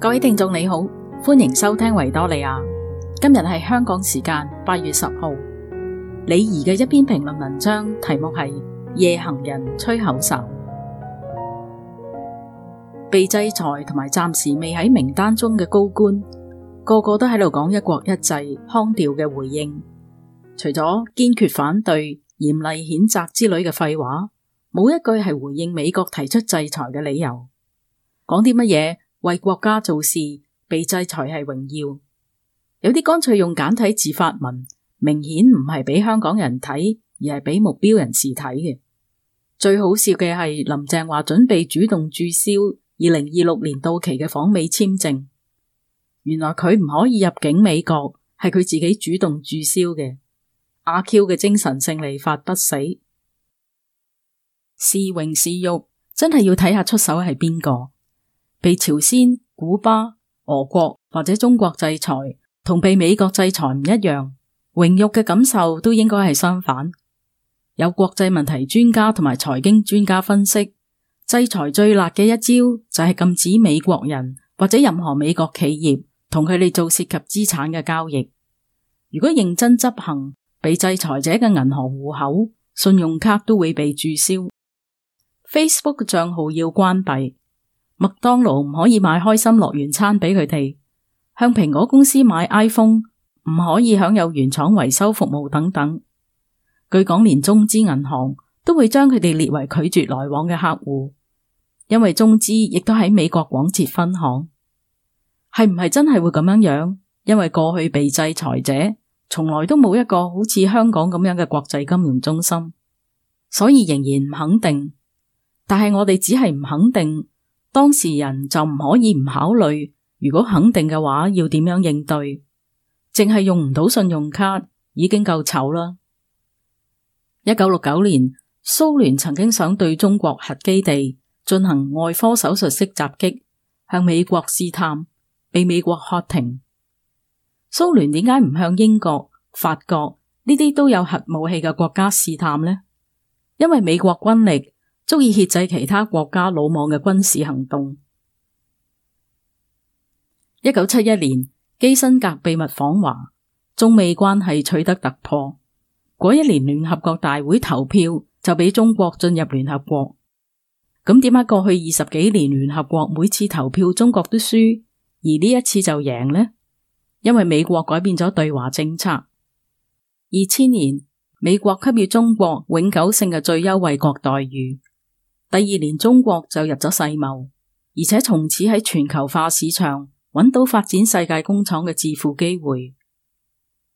各位聽眾你好，歡迎收聽維多利亞。今日係香港時間八月十號，李怡嘅一篇評論文章，題目係《夜行人吹口哨》。被制裁同埋暫時未喺名單中嘅高官，個個都喺度講一國一制腔調嘅回應，除咗堅決反對、嚴厲譴責之類嘅廢話，冇一句係回應美國提出制裁嘅理由，講啲乜嘢？為國家做事被制裁係榮耀，有啲乾脆用簡體字發文，明顯唔係俾香港人睇，而係俾目標人士睇嘅。最好笑嘅係林鄭話準備主動註銷二零二六年到期嘅訪美簽證，原來佢唔可以入境美國，係佢自己主動註銷嘅。阿 Q 嘅精神勝利法不死，是榮是辱，真係要睇下出手係邊個。被朝鮮、古巴、俄國或者中國制裁，同被美國制裁唔一樣，榮辱嘅感受都應該係相反。有國際問題專家同埋財經專家分析，制裁最辣嘅一招就係禁止美國人或者任何美國企業同佢哋做涉及資產嘅交易。如果認真執行，被制裁者嘅銀行戶口、信用卡都會被注銷，Facebook 嘅賬號要關閉。麥當勞唔可以買開心樂園餐俾佢哋，向蘋果公司買 iPhone，唔可以享有原廠維修服務等等。據講，連中資銀行都會將佢哋列為拒絕來往嘅客戶，因為中資亦都喺美國廣設分行。係唔係真係會咁樣樣？因為過去被制裁者從來都冇一個好似香港咁樣嘅國際金融中心，所以仍然唔肯定。但係我哋只係唔肯定。當事人就唔可以唔考慮，如果肯定嘅話，要點樣應對？淨係用唔到信用卡已經夠醜啦。一九六九年，蘇聯曾經想對中國核基地進行外科手術式襲擊，向美國試探，被美國喝停。蘇聯點解唔向英國、法國呢啲都有核武器嘅國家試探呢？因為美國軍力足以遏制其他國家魯莽嘅軍事行動。一九七一年，基辛格秘密訪華，中美關係取得突破。嗰一年聯合國大會投票就俾中國進入聯合國。咁點解過去二十幾年聯合國每次投票中國都輸，而呢一次就贏呢？因為美國改變咗對華政策。二千年，美國給予中國永久性嘅最優惠國待遇。第二年，中國就入咗世貿，而且從此喺全球化市場揾到發展世界工廠嘅致富機會。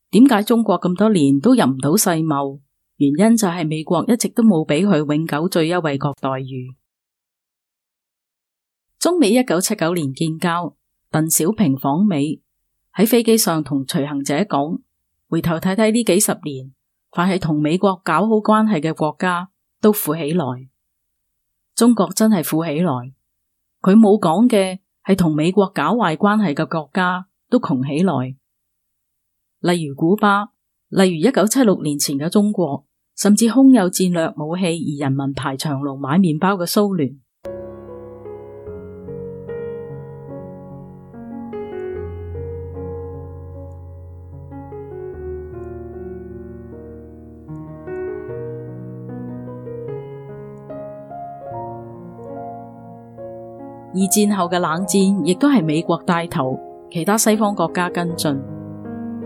點解中國咁多年都入唔到世貿？原因就係美國一直都冇俾佢永久最優惠國待遇。中美一九七九年建交，鄧小平訪美，喺飛機上同隨行者講，回頭睇睇呢幾十年，凡係同美國搞好關係嘅國家都富起來。中國真係富起來，佢冇講嘅係同美國搞壞關係嘅國家都窮起來。例如古巴，例如一九七六年前嘅中國，甚至空有戰略武器而人民排長龍買麵包嘅蘇聯。二戰後嘅冷戰亦都係美國帶頭，其他西方國家跟進。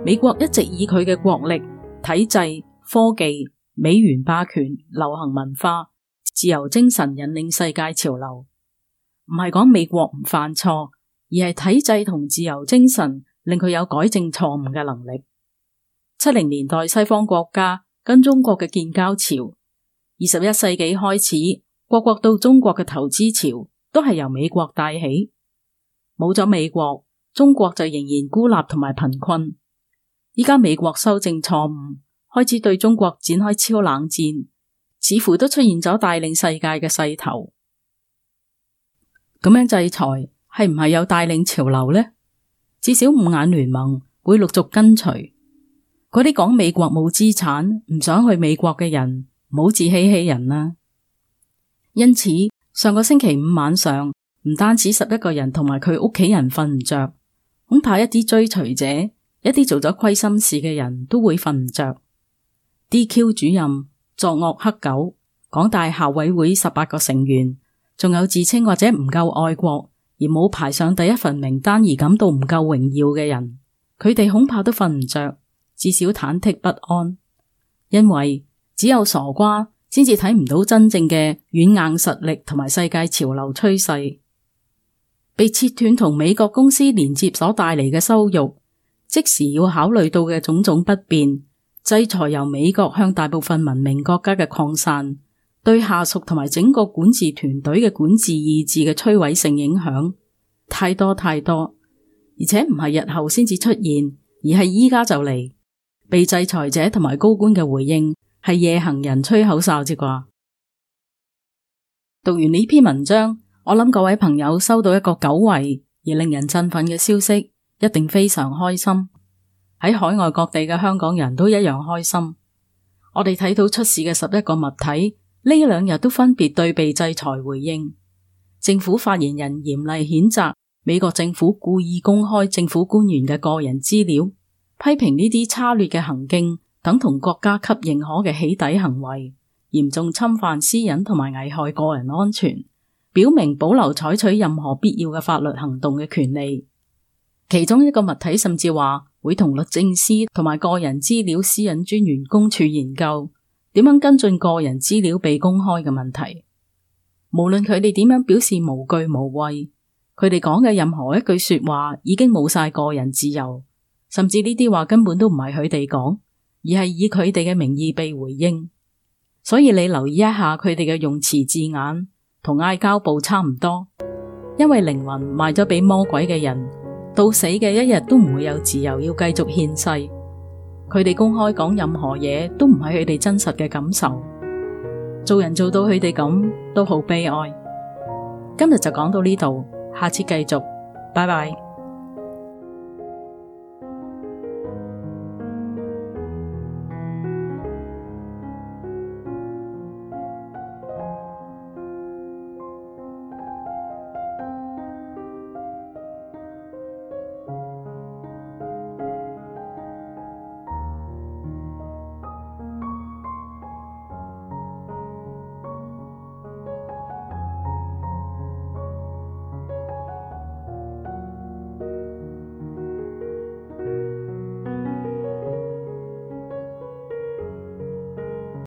美國一直以佢嘅國力、體制、科技、美元霸權、流行文化、自由精神引領世界潮流。唔係講美國唔犯錯，而係體制同自由精神令佢有改正錯誤嘅能力。七零年代西方國家跟中國嘅建交潮，二十一世紀開始各國到中國嘅投資潮。都係由美國帶起，冇咗美國，中國就仍然孤立同埋貧困。依家美國修正錯誤，開始對中國展開超冷戰，似乎都出現咗帶領世界嘅勢頭。咁樣制裁係唔係有帶領潮流呢？至少五眼聯盟會陸續跟隨。嗰啲講美國冇資產，唔想去美國嘅人，唔好自欺欺人啦。因此。上個星期五晚上，唔單止十一個人同埋佢屋企人瞓唔着，恐怕一啲追隨者、一啲做咗虧心事嘅人都會瞓唔着。DQ 主任作惡黑狗，港大校委會十八個成員，仲有自稱或者唔夠愛國而冇排上第一份名單而感到唔夠榮耀嘅人，佢哋恐怕都瞓唔着，至少忐忑不安，因為只有傻瓜。先至睇唔到真正嘅軟硬實力同埋世界潮流趨勢，被切斷同美國公司連接所帶嚟嘅收入，即時要考慮到嘅種種不便，制裁由美國向大部分文明國家嘅擴散，對下屬同埋整個管治團隊嘅管治意志嘅摧毀性影響，太多太多，而且唔係日後先至出現，而係依家就嚟。被制裁者同埋高官嘅回應。係夜行人吹口哨咋啩？讀完呢篇文章，我諗各位朋友收到一個久違而令人振奮嘅消息，一定非常開心。喺海外各地嘅香港人都一樣開心。我哋睇到出事嘅十一個物體，呢兩日都分別對被制裁回應。政府發言人嚴厲譴責美國政府故意公開政府官員嘅個人資料，批評呢啲差劣嘅行徑。等同國家級認可嘅起底行為，嚴重侵犯私隱同埋危害個人安全，表明保留採取任何必要嘅法律行動嘅權利。其中一個物體甚至話會同律政司同埋個人資料私隱專員公署研究點樣跟進個人資料被公開嘅問題。無論佢哋點樣表示無懼無畏，佢哋講嘅任何一句說話已經冇晒個人自由，甚至呢啲話根本都唔係佢哋講，而係以佢哋嘅名義被回應，所以你留意一下佢哋嘅用詞字眼，同嗌交步差唔多。因為靈魂賣咗俾魔鬼嘅人，到死嘅一日都唔會有自由，要繼續獻世。佢哋公開講任何嘢，都唔係佢哋真實嘅感受。做人做到佢哋咁，都好悲哀。今日就講到呢度，下次繼續，拜拜。